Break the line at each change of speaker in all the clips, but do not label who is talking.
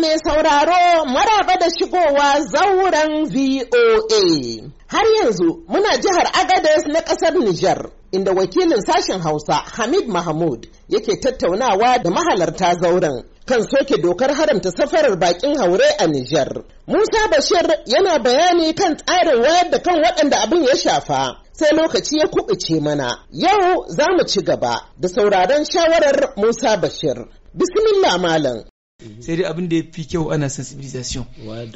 mai sauraro maraba da shigowa zauren VOA. Har yanzu muna jihar Agadez na ƙasar Nijar, inda wakilin sashen Hausa Hamid Mahmud yake tattaunawa da mahalarta zauren kan soke dokar haramta safarar bakin haure a Nijar. Musa Bashir yana bayani kan tsarin wayar da kan waɗanda abin ya shafa. sai lokaci ya kuɓuce mana. Yau za mu ci gaba da sauraron shawarar Musa
Bashir. Bismillah Malam. Mhm. sai dai abin da ya fi kyau ana sensibilisation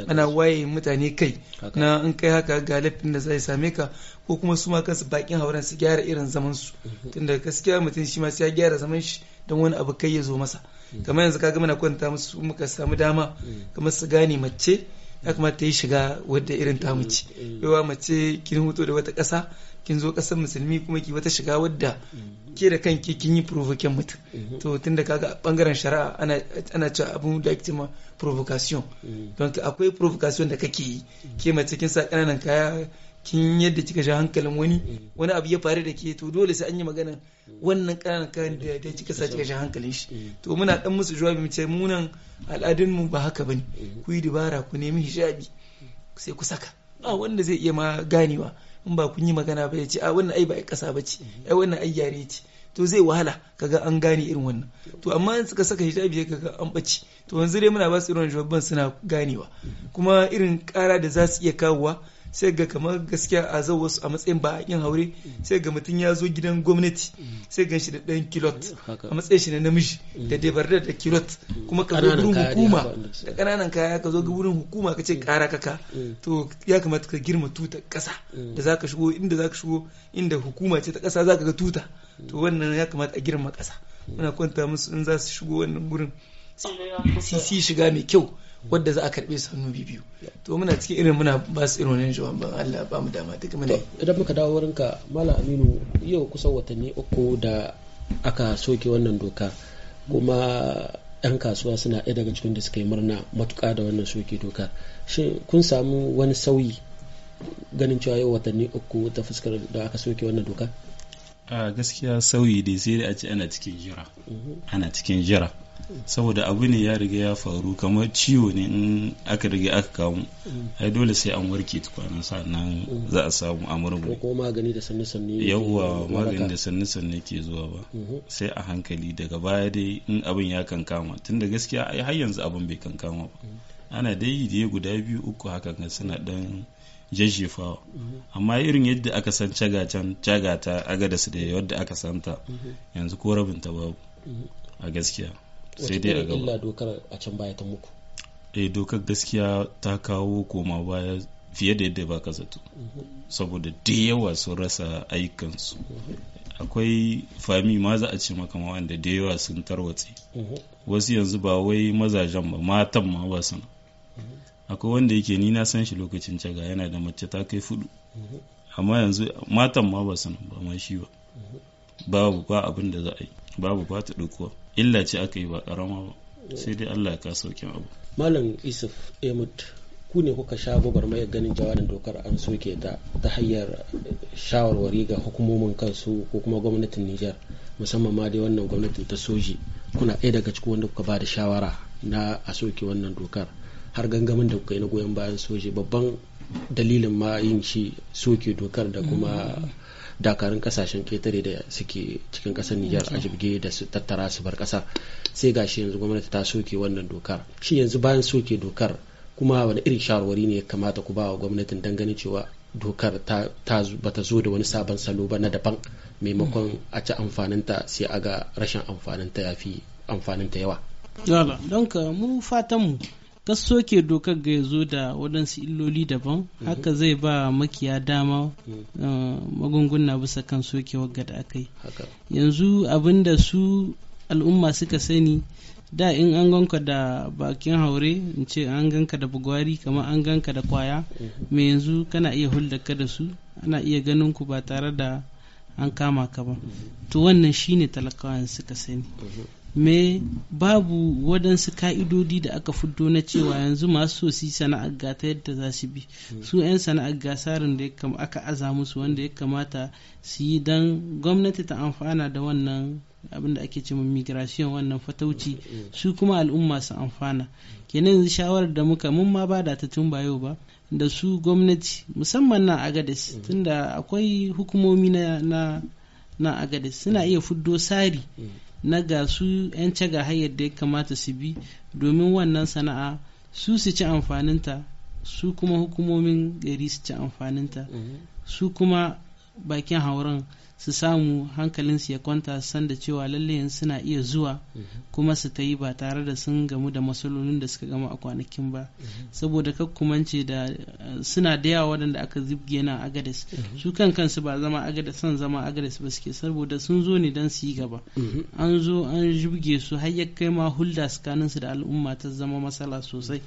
ana waye mutane kai na in kai haka ga laifin da zai same ka ko kuma su ma kansu bakin hauren su gyara irin zaman su mhm. tunda gaskiya mutum shi ma sai ya gyara zaman shi don wani abu kai ya zo masa mhm. kamar yanzu kaga muna kwanta musu muka samu dama kamar su gane mace ya kamata yi shiga wadda irin ta mace mm. yawa mace kin huto da wata ƙasa kin zo ƙasar musulmi kuma ki wata shiga wadda mm. ke da kanki kin yi provoken mutum mm-hmm. to tun da kaga bangaren shari'a ana cewa abun da ake ma provocation mm. don akwai provocation da kake yi ke mace kin sa ƙananan kaya kin yadda kika sha hankalin wani mm. wani abu ya faru da ke to dole sai an yi magana mm. wannan ƙananan kan da da kika sa kika sha hankalin shi mm. to muna dan musu jawabi mu ce munan al'adun mu ba haka bane ku yi dubara ku nemi hijabi sai ku saka ba wanda zai iya ma ganewa in ba kun yi magana ba ya ce a wannan ai ba ai kasa bace ai wannan ai yare ce to zai wahala kaga an gane irin wannan to amma in suka saka hijabi kaga an bace to yanzu dai muna ba su irin jawaban suna ganewa kuma irin kara da za su iya kawowa sai ga kamar gaskiya a zau wasu a matsayin ba yin haure sai ga mutum ya zo gidan gwamnati sai ganshi shi da ɗan kilot a matsayin shi na namiji da dabarar da kilot kuma ka zo gurin hukuma da ƙananan kaya ka zo gurin hukuma ka ce ƙara kaka mm. to ya kamata ka girma tuta ƙasa mm. da za ka shigo inda za ka shigo inda hukuma ce ta ƙasa za ka ga tuta to wannan ya kamata a girma ƙasa mm. muna kwanta musu in za su shigo wannan gurin sisi shiga mai kyau wadda za a karbe su hannu biyu to muna cikin irin muna ba su irin wani jawaban Allah ba mu dama duk muna idan muka dawo wurin ka
malam Aminu yau kusan watanni uku da aka soke wannan doka kuma yan kasuwa suna ɗaya daga cikin da suka yi murna matuƙa da wannan soke doka shin kun samu wani sauyi ganin cewa yau watanni uku ta fuskar da aka soke wannan doka
a gaskiya sauyi dai sai da a ce ana cikin jira mhm. ana cikin jira saboda abu ne ya riga ya faru kamar ciwo ne in aka riga aka kamu ai dole sai an warke tukwanin sannan za a samu a murmu
ko magani da sanne sanne yawwa magani da
sanne sanne ke zuwa ba mhm. sai a hankali daga baya dai in abin ya kankama tunda gaskiya ai har yanzu abin bai kankama ba mhm. ana dai yi guda biyu uku haka suna dan jajjefawa mhm. amma irin yadda aka san cagatan cagata agadas da yadda aka santa yanzu ko rabin ta babu a gaskiya
sai dai a illa dokar a can baya ta muku
eh gaskiya ta kawo koma baya fiye da yadda baka zato mhm. saboda da yawa sun rasa ayyukansu mhm. akwai fami ma za a ce maka ma wanda da yawa sun tarwatse mhm. wasu yanzu ba wai mazajen ba matan ma ba suna akwai wanda yake ni na san shi lokacin caga yana da mace ta kai fudu amma yanzu matan ma ba suna ba ma shi ba babu ba abin da za a yi babu ba ta dokuwa illa ce aka yi ba karama ba sai dai Allah ya ka sauke abu
malam isuf emut ku ne kuka sha gwagwarmayar ganin jawabin dokar an soke ta ta hanyar shawarwari ga hukumomin kansu ko kuma gwamnatin Nijar musamman ma dai wannan gwamnatin ta soji kuna ɗaya daga cikin wanda kuka ba da shawara na a soke wannan dokar har gangamin da kuka yi na goyon bayan soji babban dalilin ma yin shi soke dokar da kuma mm. dakarun kasashen ketare da suke cikin kasar Nijar a jibge da su tattara su bar kasa sai gashi yanzu gwamnati ta soke wannan dokar shi yanzu bayan soke dokar kuma wani irin shawarwari ne ya kamata ku ba wa gwamnatin dangane cewa dokar ta bata zo da wani sabon salo ba na daban maimakon a ci amfaninta sai a ga rashin amfaninta ya fi amfaninta yawa.
Yala, don ka mu fatanmu ka soke dokar ga ya zo da waɗansu illoli daban haka mhm. zai ba makiya dama mhm. uh, magunguna bisa kan soke wagga da aka yi yanzu abin da su al'umma suka sani da in an ganka da bakin haure in ce an ganka da bugwari kamar an ganka da kwaya mai mhm. yanzu kana iya ka da su ana iya ganin ku ba tare da an kama ka ba to wannan shine talakawan suka sani me babu waɗansu ka'idodi da aka fito na cewa yanzu masu so su sana'ar ga ta yadda za su bi hmm. su 'yan sana'ar gasarin da aka aza musu wanda ya kamata su yi don gwamnati ta amfana da wannan abin da ake ce migration wannan fatauci hmm. su kuma al'umma su amfana kenan yanzu shawarar da muka mun ma ba da ta tun ba yau ba da su gwamnati musamman na agades hmm. tunda akwai hukumomi na na agades suna iya fuddo sari na ga su 'yan caga hayar da ya kamata su bi domin wannan sana'a su su ci amfaninta su kuma hukumomin gari su ci amfaninta mhm. su kuma bakin hauren su samu hankalinsu ya kwanta san da cewa lalle suna iya zuwa mhm. kuma su ta yi ba tare da sun gamu da matsalolin da suka gama a kwanakin ba mhm. saboda kakkumance da eh, suna da yawa waɗanda aka zibge na agades mhm. su kan kansu ba zama agades son zama agades ba suke saboda sun zo ne don su yi gaba an zo an zibge su har ya kai ma hulda tsakaninsu da al'umma ta zama matsala sosai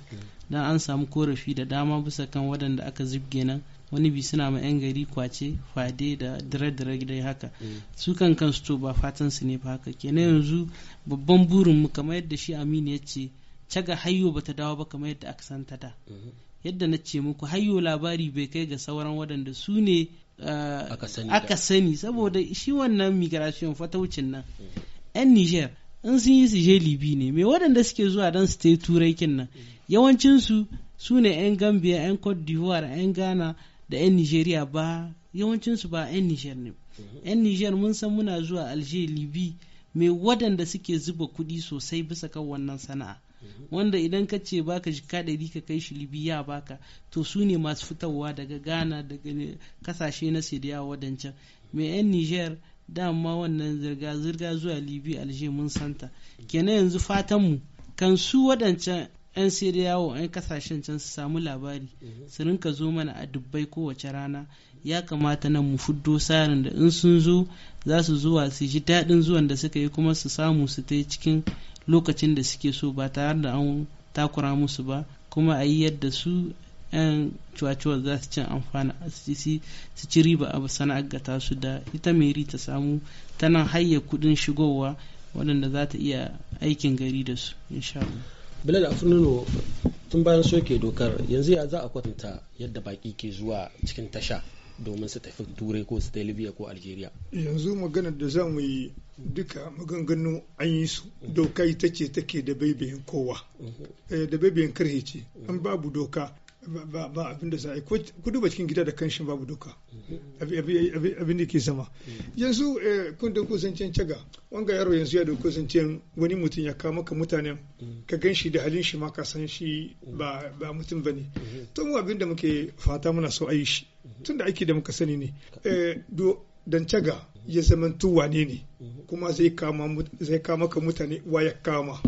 dan an samu korafi da dama bisa kan waɗanda aka zibge nan wani bi suna ma 'yan gari kwace fade da dire-dire gidai haka mm. su kan kansu to ba fatan su ne ba haka kenan yanzu babban burin mu kamar yadda shi aminu ya ce caga hayo bata dawo ba kamar yadda aka san ta da mm-hmm. yadda na ce muku hayo labari bai kai ga sauran waɗanda su ne ah, aka sani saboda mm. shi wannan migration fataucin nan 'yan mm. niger in sun yi su je libi ne me waɗanda suke zuwa don su turai kin nan yawancinsu su ne 'yan gambia 'yan cote d'ivoire 'yan ghana da 'yan nigeria ba yawancinsu ba 'yan niger ne. 'yan niger mun san muna zuwa Alger Libi mai waɗanda suke zuba kuɗi sosai bisa kan wannan sana'a. Wanda idan ka ce baka jika ɗari ka kai shi Libi ya baka to su ne masu fitowa daga Ghana daga kasashe na Sidiya wadancan. Mai 'yan niger dama wannan zirga-zirga zuwa Libi Alger mun santa. Kenan yanzu fatanmu kan su waɗancan 'yan siriyawo 'yan kasashen can su samu labari mhm. su rinka zo mana a dubbai kowace rana ya kamata nan mu fuddo sarin da in sun zo za su zuwa su ji daɗin zuwan da suka yi kuma su samu su ta cikin lokacin da suke so ba tare da an takura musu ba kuma a yi yadda su 'yan cuwacuwa za su cin amfana su ci riba a sana'ar su da ita meri ta samu tana hayya kuɗin shigowa waɗanda za ta iya
aikin gari da su insha bilal afununo tun bayan soke dokar yanzu ya za a kwatanta yadda baki ke zuwa cikin tasha domin su tafi turai ko su libya ko algeria
yanzu maganar da za mu yi duka maganganu an yi su doka ita ce take da baibayin kowa eh, da baibayin karhe ce an babu doka ba abin da za a yi ku duba cikin gida da kanshin babu duka abin da ke sama yanzu eh, kun da caga wanga yaro yanzu ya da kusancen wani mutum ya kawo maka mutanen ka gan shi da halin shi ma ka san shi ba mutum ba ne to mu abin da muke fata muna so a yi shi tun da aiki da muka sani ne eh, dan caga ya zama wane ne kuma zai kama ka mutane wa ya kama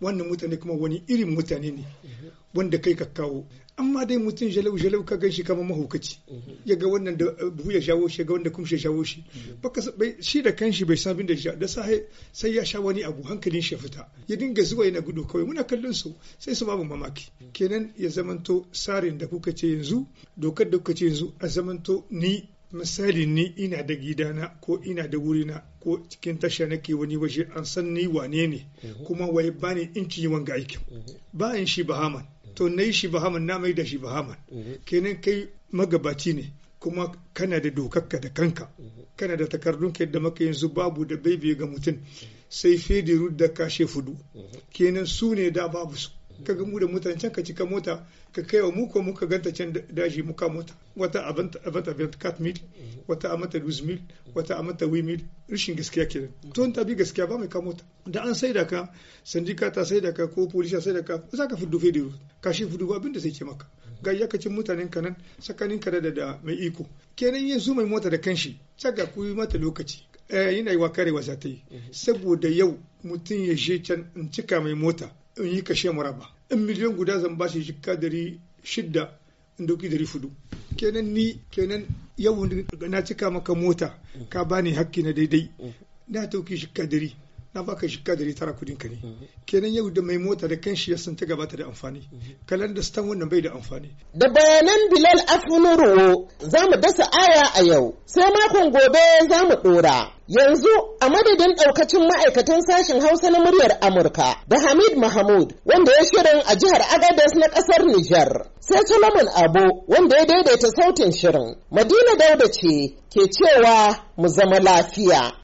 wannan mutane kuma wani irin mutane ne wanda kai ka kawo amma dai mutum jalau jalau ka gaishe kamar mahaukaci mhm. ya ga wannan da eh, buhu ya jawo shi ga wanda kuma ya jawo shi mhm. baka shi da kanshi bai san da da sai sai ya sha wani abu hankalin shi fita ya dinga zuwa yana gudu kawai muna kallon su sai su babu mamaki mhm. kenan ya zamanto sarin da kuka ce yanzu dokar da kuka ce yanzu a zamanto ni misali ni ina da gidana ko ina da wurina ko cikin tasha nake wani waje an san ni wane ne kuma wai bani inci yi wanga aikin bayan shi bahaman to na yi shi bahaman na mai da shi bahaman mm-hmm. kenan kai magabaci ne kuma kana da dokakka da kanka mm-hmm. kana da takardun da maka yanzu babu da bai ga mutum mm-hmm. sai fediru da kashe fudu kenan su ne da babu su ka ga mu da mutane can ka cika mota ka kai wa mu ko muka ganta can daji muka mota wata abanta abanta kat mil wata mata luz mil wata amata wi mil rashin gaskiya nan to ta bi gaskiya ba mai ka mota da an sai da ka sanjika ta sai da ka ko polisi sai da ka za ka fudu fediru ka shi fudu abin da sai ce maka ga cin mutanen ka nan tsakanin ka da da mai iko kenan yin mai mota da kanshi saka ku yi mata lokaci eh, yana yi wa karewa za ta yi mm-hmm. saboda yau mutum ya je can in cika mai mota in yi kashe maraba in miliyan guda zan bashi jikka dari shidda in dauki dari fudu kenan ni kenan yau na cika maka mota ka bani hakki na daidai na dauki jikka dari na baka shika dari tara kudin ka ne mm-hmm. kenan yau da mai mota da kanshi ya san ta gabata da amfani mm-hmm. kalan da stan wannan bai da amfani da bayanan bilal afunuru za mu dasa aya a yau sai makon
gobe za mu dora yanzu a madadin daukacin ma'aikatan sashen hausa na muryar amurka da hamid mahmud wanda ya shirin a jihar agadez na kasar nijar sai
solomon abu wanda ya daidaita sautin shirin madina dauda ce ke cewa mu zama lafiya